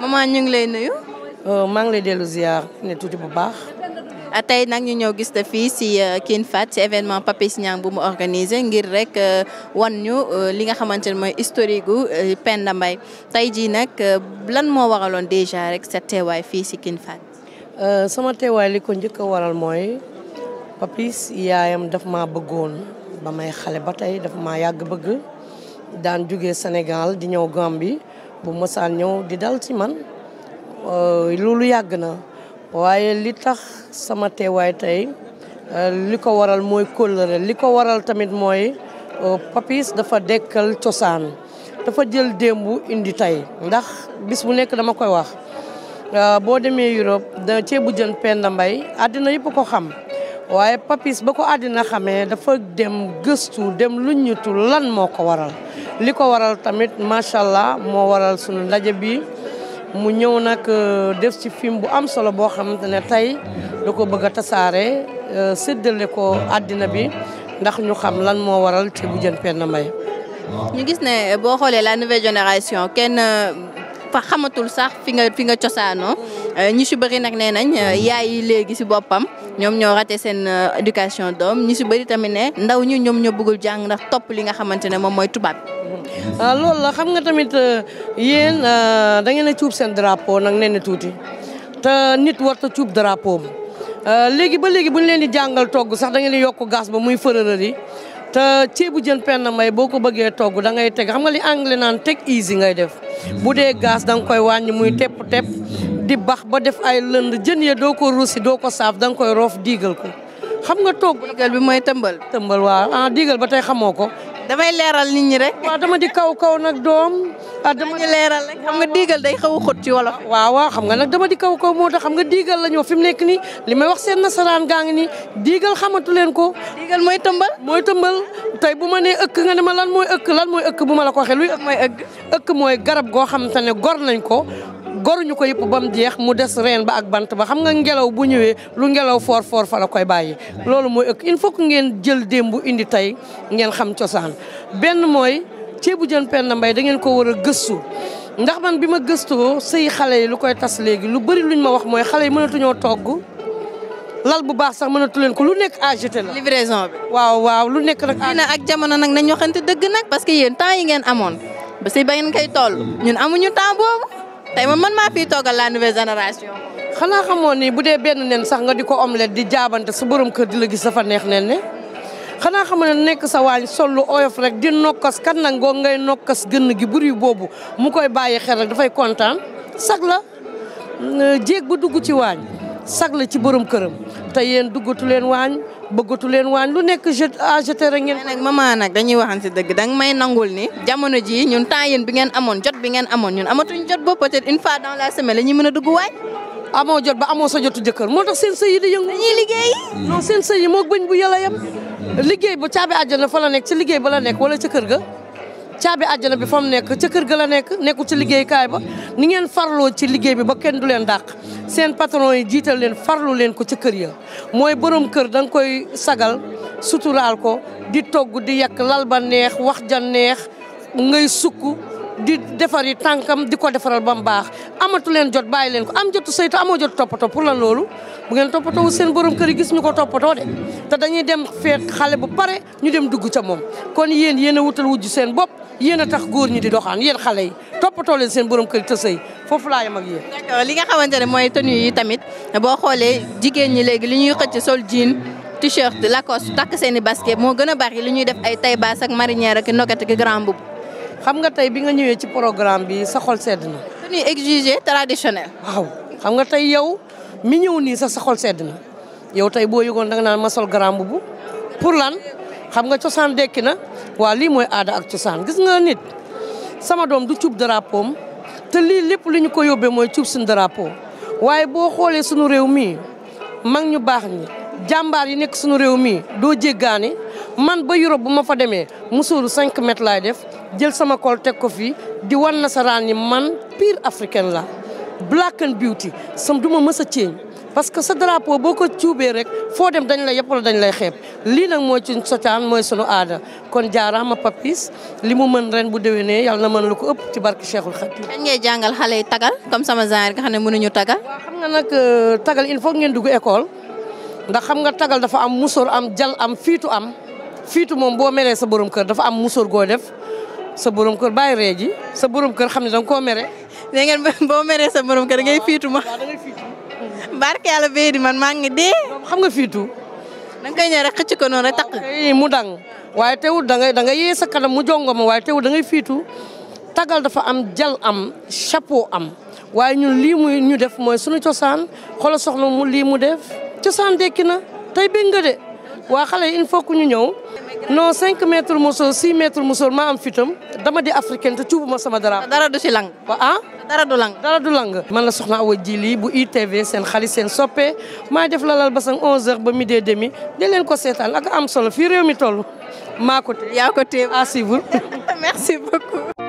maman ñu ngi lay nuyu. Euh, maa ngi lay dellu ziar ne tuuti bu baax. a euh, tey nag ñu ñëw gis te fii si euh, King Fahd si événement Papis Niang bu mu organisé ngir rek wan ñu li nga xamante ne mooy historique gu Penda Mbaye tey jii nag lan moo waraloon déjà rek sa teewaay fii si King Fahd. sama teewaay li ko njëkk waral mooy Papis yaayam daf ma bëggoon ba may xale ba tey dafa ma yàgg bëgg daan jóge Sénégal di ñëw Gambie. bu mosaan ñëw di dal si man euh, loolu yàgg na waaye li tax sama teewaay tey euh, li ko waral mooy kóllëre li ko waral tamit mooy euh, papis dafa dekkal cosaan dafa jël démb indi tey ndax bis bu nekk dama koy wax boo demee Europe da ceebu jën Penda Mbaye àddina yëpp ko xam waaye papis ba ko àddina xamee dafa dem gëstu dem lu luññutu lan moo ko waral li ko waral tamit macha allah moo waral sunu ndaje bi mu ñëw nag euh, def ci film bu am solo boo xamante ne tey da ko bëgg a tasaare euh, seddale ko àddina bi ndax ñu xam lan moo waral ci bu jën penn mbay ñu gis ne euh, boo xoolee la nouvelle génération kenn fa xamatul sax fi nga fi nga cosaanoo ñi si bëri nag nee nañ yaay yi léegi si boppam ñoom ñoo rate seen éducation doom ñu si bëri tamit ne ndaw ñi ñoom ñoo bëggul jàng ndax topp li nga xamante ne moom mooy tubaab Ah, loolu la xam nga tamit euh, yéen euh, da ngeen a cuub seen drapo nang nee na tuuti te nit war ta cuub drapeau euh, léegi ba léegi bu ñu leen di jàngal togg sax da ngeen di yokk gaz ba muy fërërër yi te ceebu jën penn may boo ko bëggee togg da ngay teg xam nga li anglais naan teg easy ngay def bu dee gaz da nga koy wàññi muy tep tepp di bax ba def ay lënd jën ya doo ko ruusi doo ko saaf da koy roof diigal ko xam nga togg diigal bi mooy tëmbal tëmbal waaw ah, diigal ba tey xamoo ko damay leeral nit ñi rek. waaw dama di kaw kaw nag doom. ah dama di leeral rek xam nga diigal day xaw a xóot ci wolof. waaw xam nga nag dama di kaw kaw moo tax xam nga diigal la ñoo fi mu nekk nii li may wax seen nasaraan gaa ngi nii diigal xamatu leen ko. diigal mooy tëmbal. mooy tëmbal tey bu ma nee ëkk nga ne ma lan mooy ëkk lan mooy ëkk bu ma la ko waxee luy ëkk mooy ëkk. ëkk mooy garab goo xamante ne gor nañ ko. goruñu ko yëpp ba mu jeex mu des reen ba ak bant ba xam nga ngelaw bu ñëwee lu ngelaw foor foor fa la koy bàyyi loolu mooy ëkk il faut que ngeen jël démb indi tey ngeen xam cosaan benn mooy ceebu jën Penda Mbaye da ngeen ko war a gëstu ndax man bi ma gëstoo sëy xale yi lu koy tas léegi lu bëri luñ ma wax mooy xale yi mënatuñoo togg lal bu baax sax mënatu leen ko lu nekk agité la. livraison bi waaw waaw lu nekk nag. dina ak jamono nag nañ waxante dëgg nag. parce que yéen temps yi ngeen amoon ba si ba tey man man maa fiy toogal la nouvelle génération. xanaa xamoo ni bu dee benn nen sax nga di ko omelette di jaabante su borom kër di la gis dafa neex nen ne. xanaa xam ne nekk sa waañ sol lu oyof rek di nokkas kan nag ngoo ngay nokkas gën gi buri boobu mu koy bàyyi xel rek dafay kontaan sag la euh, jéeg bu dugg ci waañ sag la ci borom këram te yéen duggatu waañ. bëggatu leen waan lu nekk je à jeter rek ngeen. nag maman nag dañuy waxante dëgg danga may nangul ni jamono jii ñun temps yéen bi ngeen amoon jot bi ngeen amoon ñun amatuñ jot boobu peut-être une fois dans la semaine la ñuy mën a dugg amoo jot ba amoo sa jotu moo tax seen sëy yi di yëngu. dañuy liggéey. non seen sëy yi moo bëñ bu yàlla yem. Mm. liggéey ba fa la nekk ci liggéey ba la nekk wala ca kër ga. caabi àjjana bi fa nekk ca kër ga la nekk nekkul ci liggéeykaay ba ni ngeen farloo ci liggéey bi ba kenn du leen dàq seen patron yi jiital leen farlu leen ko ca kër ya mooy borom kër da koy sagal suturaal ko di togg di yàq lal ba neex wax ja neex ngay sukk di defari tànkam di ko defaral ba mu baax amatu leen jot bàyyi leen ko am jotu saytu amoo jot toppatoo pour la loolu bu ngeen toppatoo seen borom kër yi gis ñu ko toppatoo de te dañuy dem feet xale bu pare ñu dem dugg ca moom kon yéen yéen a wutal wujj seen bopp yéen a tax góor ñi di doxaan yéen xale yi toppatoo leen seen borom kër te sëy foofu laa yem ak yéen. li nga xamante ne mooy tenue yi tamit boo xoolee jigéen ñi léegi li ñuy xëcc sol jean t-shirt Lacoste takk seen i basket moo gën a bari li ñuy def ay taille basse ak marinière ak nokket ak grand boubou. xam nga tey bi nga ñëwee ci programme bi sa xol sedd na. tenue exigée traditionnelle. waaw xam nga tey yow mi ñëw nii sax sa xol sedd na yow tey boo yëgoon danga naan ma sol grand xam nga cosaan dekki na waa lii mooy aada ak cosaan gis nga nit sama doom du cuub drapeau te lii lépp li ñu ko yóbbee mooy cuub suñu drapeau waaye boo xoolee suñu réew mii mag ñu baax ñi jàmbaar yi nekk suñu réew mii doo jéggaani man ba Europe bu ma fa demee musóoru 5 mètres laay def jël sama kol teg ko fii di wan nasaraan yi man pure africaine la black and beauty sam du ma mës a ceeñ parce que sa drapeau boo ko cuubee rek foo dem dañ lay yëppal dañ lay xeeb lii nag mooy ci sotaan mooy sunu aada kon jaaraama papis li mu mën ren bu dewee déwénee yàlla na mën lu ko ëpp ci barke Cheikhul Khadim. kañ ngay jàngal xale yi tagal comme sama genre nga xam ne mënuñu tagal. waaw xam nga nag euh, tagal il faut ngeen dugg école ndax xam nga tagal dafa am musóor am jal am fiitu am fiitu moom boo meree sa borom kër dafa am musóor goo def sa borom kër bàyyi ree ji sa borom kër xam ne danga koo mere. nee ngeen boo meree sa borom kër ngay fiitu ma. barke yàlla bee di man maa ngi dee. xam nga fii tuuti. da nga koy ñëw rek xëcc ko noonu rek mu dang waaye teewul da ngay da ngay sa kanam mu jongo ma waaye teewul da ngay fiitu tagal dafa am jal am chapeau am waaye ñun lii muy ñu def mooy suñu cosaan xoolal soxna mu lii mu def cosaan dekki na tey bëgg de waa xale il faut ñu ñëw. non 5 mètres musóor 6 mètres musóor maa am fitam dama di africaine te ma sama dara. dara du lang. wa ah? dara du lang dara du lang. man la soxna Awa Djili bu ITV seen xarit seen soppe maa def lalal basang 11h ba midi et demi di leen ko seetaan ak am solo fii réew mi tol maa ko téye. yaa ko téye à suivre. merci beaucoup.